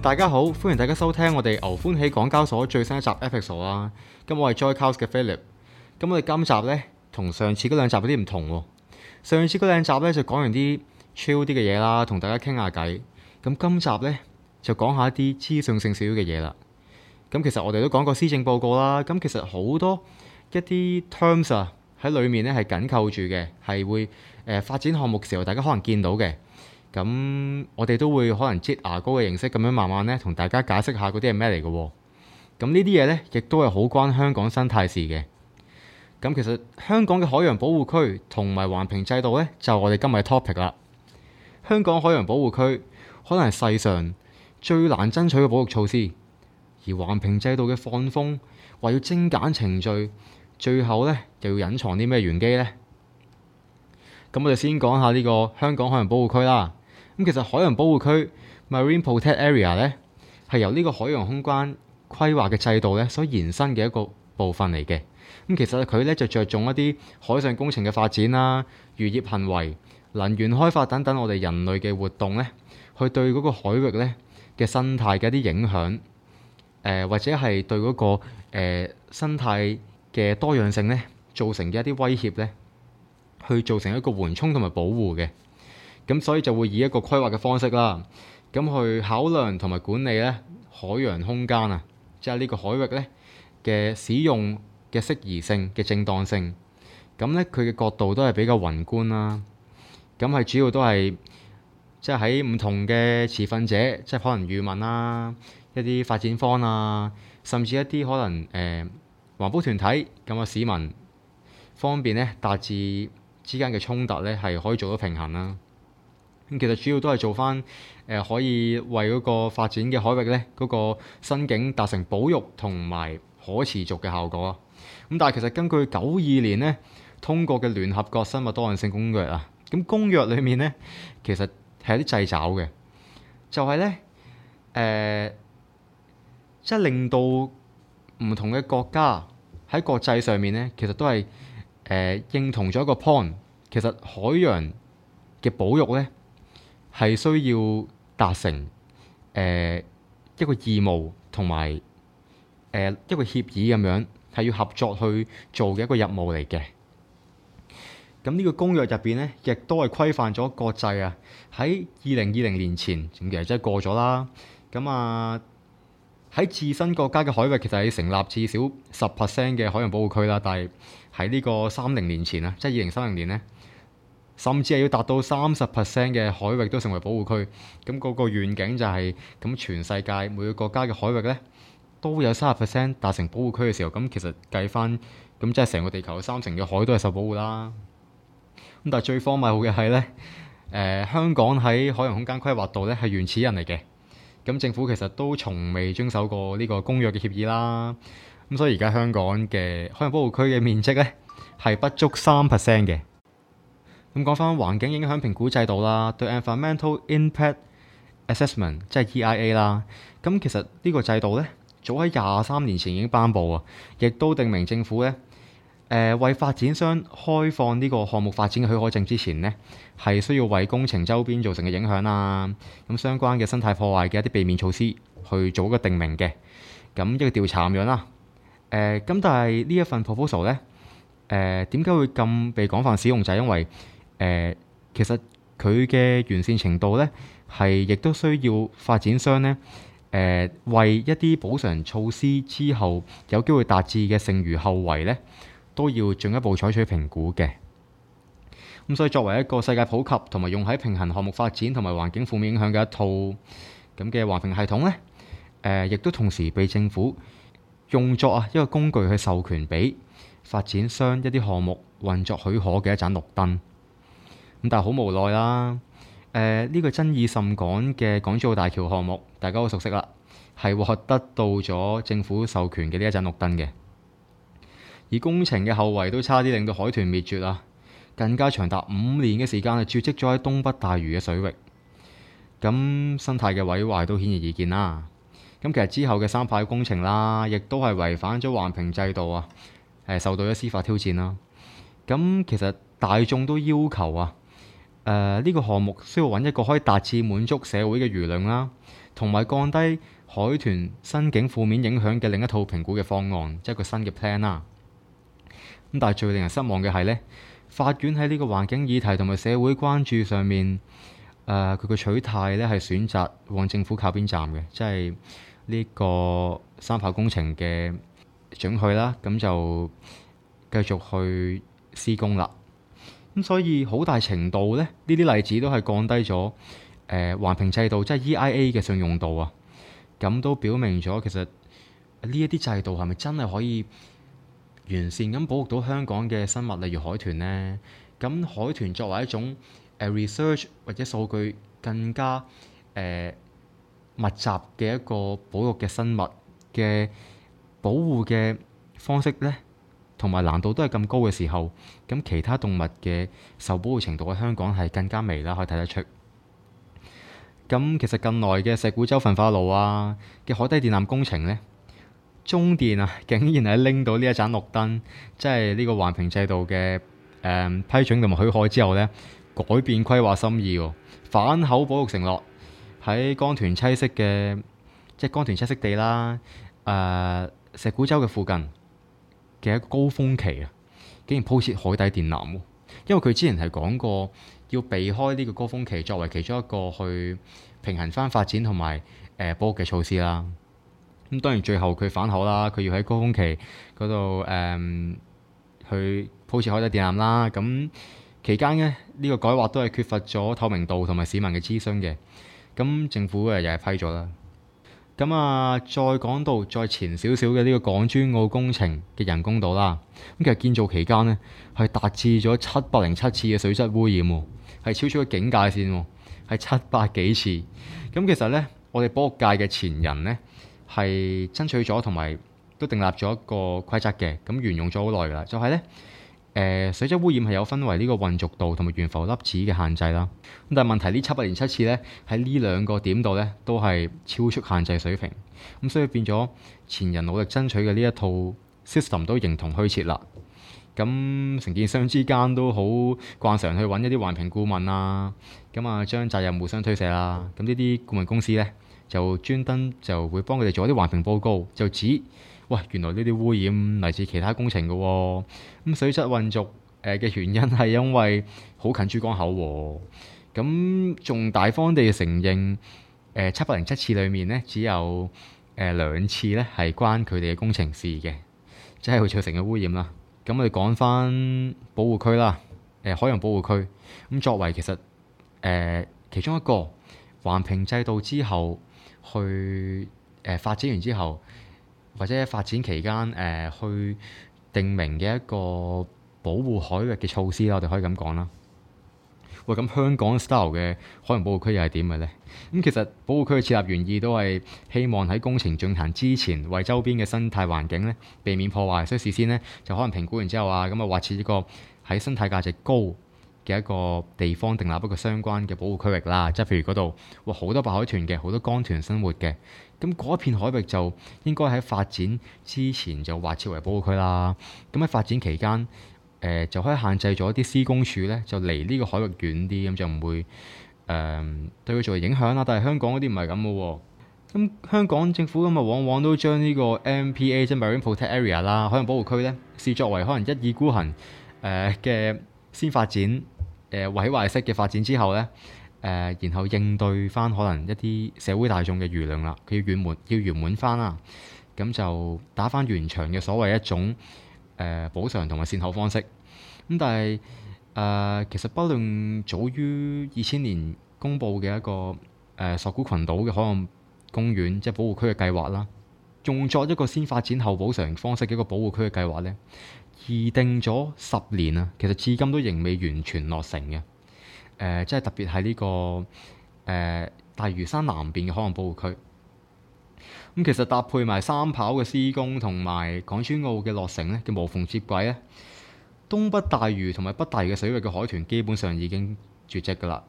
大家好，歡迎大家收聽我哋牛歡喜港交所最新一集 episode 啦，咁我係 Joy Couse 嘅 Philip，咁我哋今集咧同上次嗰兩集有啲唔同，哦。上次嗰兩集咧就講完啲 chill 啲嘅嘢啦，同大家傾下偈。咁今集咧就講下一啲資訊性少少嘅嘢啦。咁其實我哋都講過施政報告啦。咁其實好多一啲 terms 啊喺裏面咧係緊扣住嘅，係會誒、呃、發展項目時候大家可能見到嘅。咁我哋都會可能擠牙膏嘅形式咁樣慢慢咧，同大家解釋下嗰啲係咩嚟嘅。咁呢啲嘢咧，亦都係好關香港生態事嘅。咁其實香港嘅海洋保護區同埋環評制度咧，就係我哋今日嘅 topic 啦。香港海洋保護區可能係世上最難爭取嘅保育措施，而環評制度嘅放風，話要精簡程序，最後咧又要隱藏啲咩玄機咧？咁我哋先講下呢個香港海洋保護區啦。咁其實海洋保護區 m a r i n e protected area） 咧，係由呢個海洋空間規劃嘅制度咧所延伸嘅一個部分嚟嘅。咁其實它，佢咧就着重一啲海上工程嘅發展啦、啊、漁業行為、能源開發等等，我哋人類嘅活動咧，去對嗰個海域咧嘅生態嘅一啲影響誒、呃，或者係對嗰、那個誒、呃、生態嘅多樣性咧造成嘅一啲威脅咧，去造成一個緩衝同埋保護嘅。咁所以就會以一個規劃嘅方式啦，咁去考量同埋管理咧海洋空間啊，即係呢個海域咧嘅使用嘅適宜性嘅正當性。咁咧佢嘅角度都係比較宏觀啦。咁係主要都係即係喺唔同嘅持份者，即係可能漁民啊、一啲發展方啊，甚至一啲可能誒、呃、環保團體咁嘅市民方面咧，達至之間嘅衝突咧係可以做到平衡啦。咁其實主要都係做翻誒、呃、可以為嗰個發展嘅海域咧，嗰、嗰個生境達成保育同埋可持續嘅效果咯。咁但係其實根據九二年咧通過嘅聯合國生物多樣性公約啊，咁公約裏面咧其實係有啲掣肘嘅，就係咧誒，即、呃、係、就係、令到唔同嘅國家喺國際上面咧，其實都係誒、呃、認同咗一個 point，其實海洋嘅保育咧。係需要達成誒、呃、一個義務同埋誒一個協議咁樣，係要合作去做嘅一個任務嚟嘅。咁呢個公約入邊咧，亦都係規範咗國際啊，喺二零二零年前，咁其實即係過咗啦。咁啊，喺自身國家嘅海域，其實要成立至少十 percent 嘅海洋保護區啦。但係喺呢個三零年前啊，即係二零三零年咧。甚至係要達到三十 percent 嘅海域都成為保護區，咁嗰個願景就係、是、咁全世界每個國家嘅海域咧都有三十 percent 達成保護區嘅時候，咁其實計翻咁即係成個地球三成嘅海都係受保護啦。咁但係最荒謬嘅係咧，誒、呃、香港喺海洋空間規劃度咧係原始人嚟嘅，咁政府其實都從未遵守過呢個公約嘅協議啦。咁所以而家香港嘅海洋保護區嘅面積咧係不足三 percent 嘅。咁講翻環境影響評估制度啦，對 Environmental Impact Assessment，即係、e、EIA 啦。咁其實呢個制度呢，早喺廿三年前已經頒布啊，亦都定明政府呢，誒、呃、為發展商開放呢個項目發展嘅許可證之前呢，係需要為工程周邊造成嘅影響啊，咁相關嘅生態破壞嘅一啲避免措施，去做一個定明嘅。咁一個調查咁樣啦。誒、呃，咁但係呢一份 proposal 呢，誒點解會咁被廣泛使用？就係、是、因為誒，其實佢嘅完善程度咧，係亦都需要發展商咧，誒，為一啲補償措施之後有機會達至嘅剩餘後遺咧，都要進一步採取評估嘅。咁所以作為一個世界普及同埋用喺平衡項目發展同埋環境負面影響嘅一套咁嘅環評系統咧，誒，亦都同時被政府用作啊一個工具去授權俾發展商一啲項目運作許可嘅一盞綠燈。咁但係好無奈啦。誒、呃，呢、這個爭議甚廣嘅港珠澳大橋項目，大家都熟悉啦，係獲得到咗政府授權嘅呢一盞綠燈嘅。而工程嘅後遺都差啲令到海豚滅絕啦，更加長達五年嘅時間係絕跡咗喺東北大嶼嘅水域，咁生態嘅毀壞都顯而易見啦。咁其實之後嘅三跑工程啦，亦都係違反咗環評制度啊，呃、受到咗司法挑戰啦、啊。咁其實大眾都要求啊。誒呢、呃呢個項目需要揾一個可以達至滿足社會嘅輿論啦，同埋降低海豚生境負面影響嘅另一套評估嘅方案，即係一個新嘅 plan 啦。咁但係最令人失望嘅係咧，法院喺呢個環境議題同埋社會關注上面，誒佢嘅取態咧係選擇往政府靠邊站嘅，即係呢個三跑工程嘅準許啦，咁就繼續去施工啦。咁所以好大程度咧，呢啲例子都係降低咗誒環評制度，即係、e、EIA 嘅信用度啊。咁都表明咗，其實呢一啲制度係咪真係可以完善咁保護到香港嘅生物，例如海豚咧？咁海豚作為一種誒、呃、research 或者數據更加誒、呃、密集嘅一個保育嘅生物嘅保護嘅方式咧？同埋難度都係咁高嘅時候，咁其他動物嘅受保護程度喺香港係更加微啦，可以睇得出。咁其實近來嘅石鼓洲焚化爐啊嘅海底電纜工程呢，中電啊竟然係拎到呢一盞綠燈，即係呢個環評制度嘅誒、呃、批准同埋許可之後呢，改變規劃心意喎，反口保育承諾喺江豚棲息嘅即係江豚棲息地啦、啊，誒、呃、石鼓洲嘅附近。嘅一個高峰期啊，竟然鋪設海底電纜喎，因為佢之前係講過要避開呢個高峰期，作為其中一個去平衡返發展同埋誒保嘅措施啦。咁當然最後佢反口啦，佢要喺高峰期嗰度誒去鋪設海底電纜啦。咁期間呢，呢、呢個改劃都係缺乏咗透明度同埋市民嘅諮詢嘅。咁政府誒又係批咗啦。咁啊，再講到再前少少嘅呢個港珠澳工程嘅人工島啦。咁其實建造期間呢，係達至咗七百零七次嘅水質污染喎，係超出咗警戒線喎，係七百幾次。咁其實呢，我哋保育界嘅前人呢，係爭取咗同埋都訂立咗一個規則嘅，咁沿用咗好耐噶啦，就係、是、呢。水質污染係有分為呢個混濁度同埋懸浮粒子嘅限制啦，咁但係問題呢，七百年七次呢，喺呢兩個點度呢都係超出限制水平，咁所以變咗前人努力爭取嘅呢一套 system 都形同虛設啦。咁承建商之間都好慣常去揾一啲環評顧問啊，咁啊將責任互相推卸啦。咁呢啲顧問公司呢，就專登就會幫佢哋做一啲環評報告，就指。喂，原來呢啲污染嚟自其他工程嘅喎、哦，咁水質混濁誒嘅原因係因為好近珠江口喎、哦，咁仲大方地承認誒七百零七次裏面呢，只有誒兩、呃、次呢係關佢哋嘅工程事嘅，即係佢造成嘅污染啦。咁我哋講返保護區啦，誒、呃、海洋保護區，咁作為其實誒、呃、其中一個環評制度之後去誒、呃、發展完之後。或者喺發展期間誒、呃、去定名嘅一個保護海域嘅措施啦，我哋可以咁講啦。喂，咁香港 style 嘅海洋保護區又係點嘅咧？咁、嗯、其實保護區嘅設立原意都係希望喺工程進行之前，為周邊嘅生態環境咧避免破壞，所以事先咧就可能評估完之後啊，咁啊劃設一個喺生態價值高嘅一個地方訂立，一個相關嘅保護區域啦，即係譬如嗰度哇，好多白海豚嘅，好多江豚生活嘅，咁嗰一片海域就應該喺發展之前就劃設為保護區啦。咁喺發展期間，誒、呃、就可以限制咗一啲施工處咧，就離呢個海域遠啲，咁就唔會誒、呃、對佢造成影響啦。但係香港嗰啲唔係咁嘅喎，咁香港政府咁啊，往往都將呢個 M.P.A. 即係 Marine Protected Area 啦，海洋保護區咧，視作為可能一意孤行誒嘅、呃、先發展。誒毀壞式嘅發展之後咧，誒、呃、然後應對翻可能一啲社會大眾嘅輿論啦，佢要圓滿，要圓滿翻啦，咁就打翻原場嘅所謂一種誒、呃、補償同埋善後方式。咁但係誒、呃、其實不論早於二千年公布嘅一個、呃、索罟群島嘅海岸公園即係保護區嘅計劃啦。用作一個先發展後補償方式嘅一個保護區嘅計劃呢，擬定咗十年啊，其實至今都仍未完全落成嘅。誒、呃，即係特別喺呢個誒、呃、大嶼山南邊嘅海岸保護區。咁、嗯、其實搭配埋三跑嘅施工同埋港珠澳嘅落成呢嘅無縫接軌咧，東北大嶼同埋北大嶼嘅水域嘅海豚基本上已經絕跡噶啦。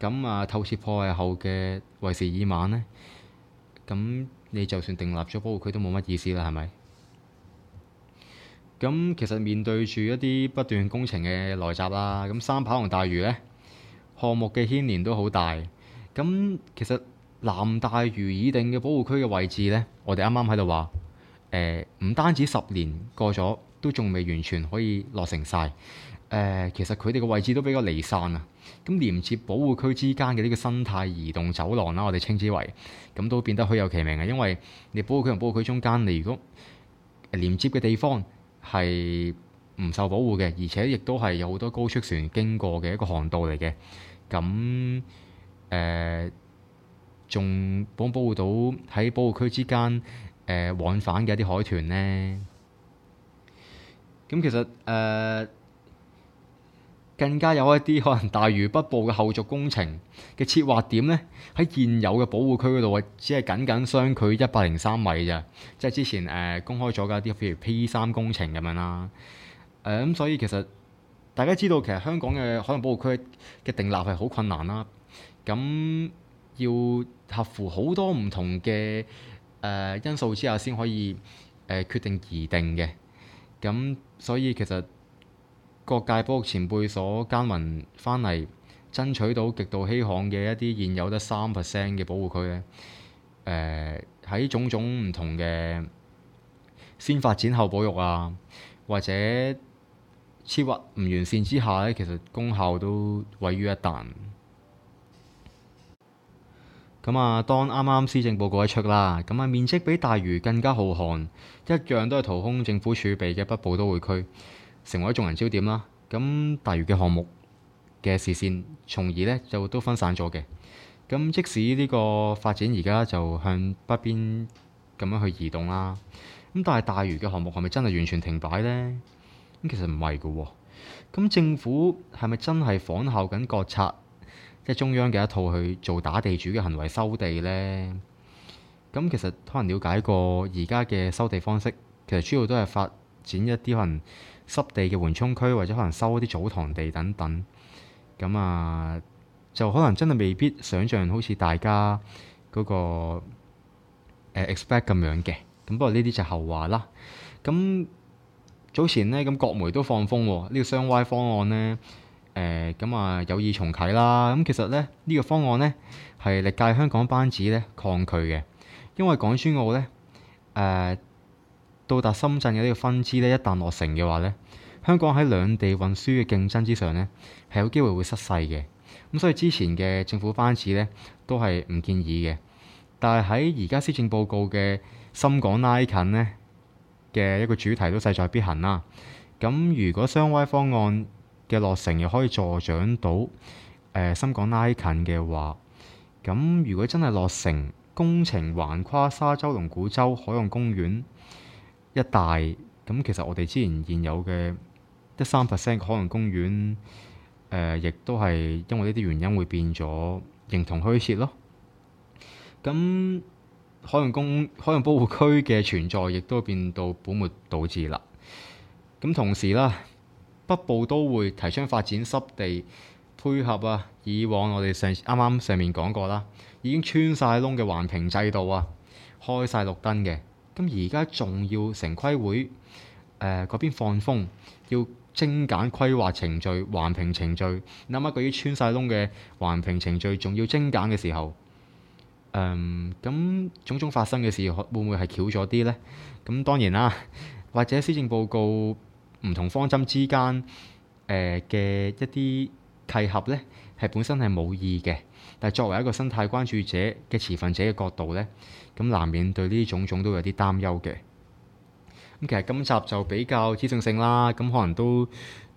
咁、嗯、啊，透徹破壞後嘅為時已晚呢。咁、嗯你就算訂立咗保護區都冇乜意思啦，係咪？咁其實面對住一啲不斷工程嘅來襲啦，咁三跑同大嶼呢項目嘅牽連都好大。咁其實南大嶼已定嘅保護區嘅位置呢，我哋啱啱喺度話，誒、呃、唔單止十年過咗，都仲未完全可以落成晒。誒，其實佢哋個位置都比較離散啊。咁連接保護區之間嘅呢個生態移動走廊啦，我哋稱之為，咁都變得虛有其名啊。因為你保護區同保護區中間，你如果連接嘅地方係唔受保護嘅，而且亦都係有好多高速船經過嘅一個航道嚟嘅。咁誒，仲、呃、保唔保保護到喺保護區之間誒、呃、往返嘅一啲海豚咧？咁其實誒。呃更加有一啲可能大嶼北部嘅後續工程嘅策劃點咧，喺現有嘅保護區嗰度只係僅僅相距一百零三米咋，即係之前誒、呃、公開咗嘅一啲，譬如 P 三工程咁樣啦。誒、嗯、咁，所以其實大家知道，其實香港嘅海洋保護區嘅定立係好困難啦，咁、嗯、要合乎好多唔同嘅誒、呃、因素之下，先可以誒、呃、決定而定嘅。咁、嗯、所以其實，各界保育前輩所耕耘翻嚟，爭取到極度稀罕嘅一啲現有得三 percent 嘅保護區咧，誒、呃、喺種種唔同嘅先發展後保育啊，或者設劃唔完善之下咧，其實功效都毀於一旦。咁啊，當啱啱施政報告一出啦，咁啊面積比大嶼更加浩瀚，一樣都係掏空政府儲備嘅北部都會區，成為咗眾人焦點啦。咁大嶼嘅項目嘅視線，從而咧就都分散咗嘅。咁即使呢個發展而家就向北邊咁樣去移動啦。咁但係大嶼嘅項目係咪真係完全停擺咧？咁其實唔係㗎喎。咁政府係咪真係仿效緊國策，即係中央嘅一套去做打地主嘅行為收地咧？咁其實可能了解過而家嘅收地方式，其實主要都係發展一啲可能，濕地嘅緩衝區，或者可能收一啲祖堂地等等，咁啊，就可能真係未必想像好似大家嗰、那個 expect 咁、呃、樣嘅，咁不過呢啲就後話啦。咁早前咧，咁國媒都放風喎，呢、這個雙 Y 方案咧，誒、呃、咁啊有意重啟啦。咁其實咧呢、這個方案咧係歷屆香港班子咧抗拒嘅，因為港珠澳咧誒。呃到達深圳嘅呢個分支咧，一旦落成嘅話咧，香港喺兩地運輸嘅競爭之上咧，係有機會會失勢嘅。咁所以之前嘅政府班子咧都係唔建議嘅。但係喺而家施政報告嘅深港拉近咧嘅一個主題都勢在必行啦。咁如果雙 Y 方案嘅落成又可以助長到誒、呃、深港拉近嘅話，咁如果真係落成工程橫跨沙洲、龍鼓洲、海洋公園。一大咁，其實我哋之前現有嘅一三 percent 嘅海洋公園，誒、呃，亦都係因為呢啲原因會變咗形同虛設咯。咁海洋公海洋保護區嘅存在，亦都變到本末倒置啦。咁同時啦，北部都會提倡發展濕地，配合啊以往我哋上啱啱上面講過啦，已經穿晒窿嘅環評制度啊，開晒綠燈嘅。咁而家仲要城規會誒、嗰邊放風要精簡規劃程序、環評程序。你諗下，嗰啲穿晒窿嘅環評程序仲要精簡嘅時候，嗯，咁種種發生嘅事會唔會係巧咗啲咧？咁當然啦，或者施政報告唔同方針之間誒嘅一啲契合咧，係本身係冇意嘅。但係，作為一個生態關注者嘅持份者嘅角度咧，咁難免對呢種種都會有啲擔憂嘅。咁其實今集就比較資訊性啦，咁可能都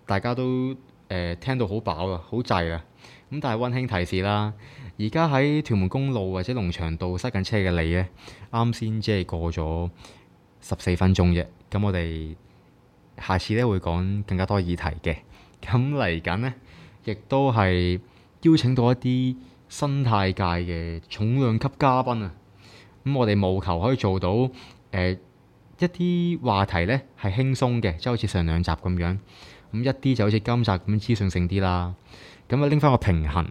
大家都誒、呃、聽到好飽啊，好滯啊。咁但係溫馨提示啦，而家喺屯門公路或者龍翔道塞緊車嘅你咧，啱先只係過咗十四分鐘啫。咁我哋下次咧會講更加多議題嘅。咁嚟緊咧，亦都係邀請到一啲，生態界嘅重量級嘉賓啊，咁我哋務求可以做到誒、呃、一啲話題呢係輕鬆嘅，即係好似上兩集咁樣，咁一啲就好似今集咁樣資訊性啲啦，咁啊拎翻個平衡，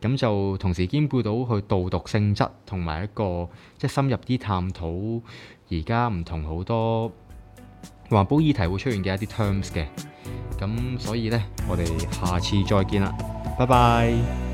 咁就同時兼顧到佢導讀性質同埋一個即係、就是、深入啲探討而家唔同好多環保議題會出現嘅一啲 terms 嘅，咁所以呢，我哋下次再見啦，拜拜。